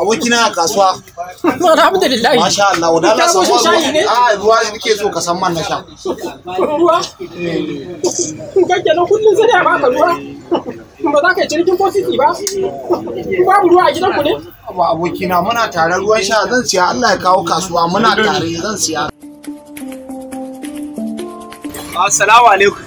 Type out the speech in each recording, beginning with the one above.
abokina a kasuwa alhamdulillah masha Allah wanda Allah san shayi ne a ruwa ne nake so ka san man na sha ruwa eh. kake na kullun sai da ba ruwa ba za ka yi cinikin ko sisi ba babu ruwa a gidanku ne ba abokina muna tare ruwan sha zan siya Allah ya kawo kasuwa muna tare zan siya assalamu alaikum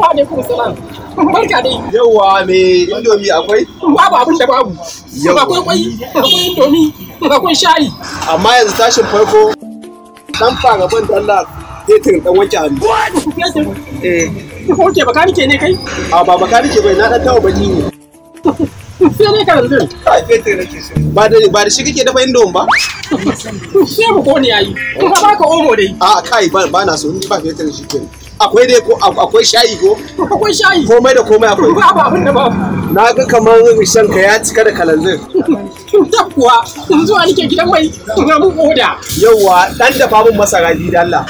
wa alaikum salam barka dai yawa me indomi akwai babu abin da babu yawa akwai kwai akwai indomi akwai shayi amma yanzu tashin farko dan fara ban Allah fetur dan wanke hannu eh ko ke bakanike ne kai a ba bakanike bai na dan tawo baki ne sai ne ka din kai fetur nake so ba da ba da shi kake dafa indomi ba sai mu ko ne yayi ka baka omo dai a kai ba na so ni ba fetur shi kenan akwai dai ko akwai shayi ko akwai shayi komai da komai akwai ba abin da ba na ga kamar shan ka ya cika da kalanzir kuwa yanzu zuwa nake gidan mai na mun oda yauwa dan dafa mun masara ji dalla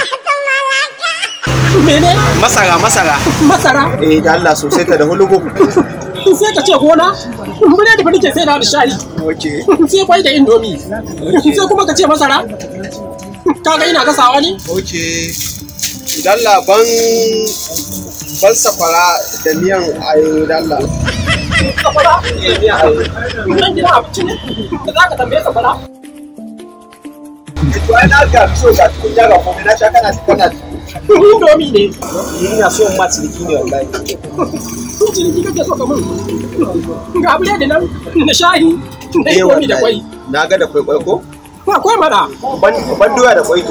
mene masara masara masara eh dalla sosai ta da hulugu sai ka ce gona Mune da nake sai da shayi okay sai kwai da indomi sai kuma ka ce masara kaga ina gasawa ne Ok. dalla ban ban safara da miyan ayo dalla na ga so ga kun ga ko na sha kana kana Domi ne. Ina so ma ciniki ne wallahi. Ciniki ka so kamar. Ga abu da nan na shahi ne eh, ko mi da kwai. Na ga da kwai kwai ko? Ba kwai mana. Ban doya da kwai to.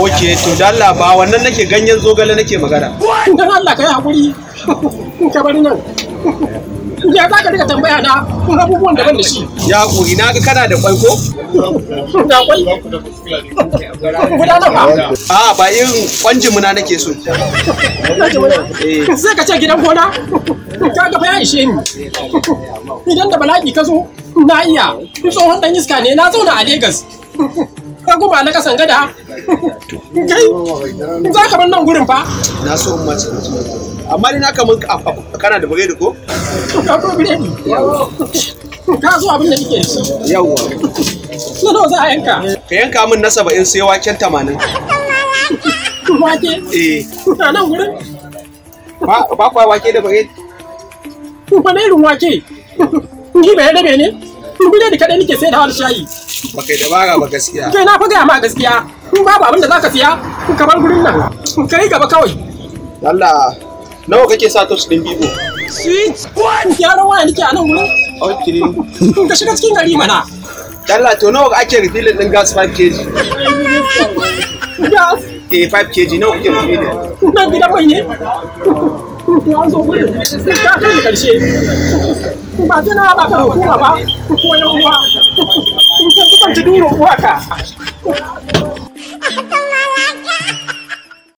ok to da Allah ba wannan nake ganyen zogale nake magana dan Allah kai hakuri ka bari nan ya za ka rika tambaya na abubuwan daban da shi ya hakuri na ga kana da kwai ko da kwai guda na ba a ba irin kwanjin muna nake so eh. sai ka ce gidan gona ka ga ya ishe ni idan da bala'i ka zo na iya tsohon dan iska ne na zauna a Legas ka guba na kasan gada kai za ka bar nan gurin fa na so in mace amma ni na kaman kana da biredi ko ka ko ka zo abin da so yawa nawa za a yanka ka yanka min na 70 sai waken 80 wake eh nan gurin ba ba wake da biredi wani irin wake ni bai rabe ne biredi kaɗai nake sai da har shayi baka dabara ba gaskiya ke na faga ma gaskiya in babu abin da ka siya ka bar gurin nan yi gaba kawai Allah nawa kake sa tos din bibo sweet one ya rawa nake a nan gurin okay ka shiga cikin gari mana Allah to nawa ake refilling ɗin gas 5 kg gas eh 5 kg nawa kake refilling nan gidan mai ne kuma an zo gudun sai ta kai ba na haɗa ka da hukuma ba ko kuma yan uwa kun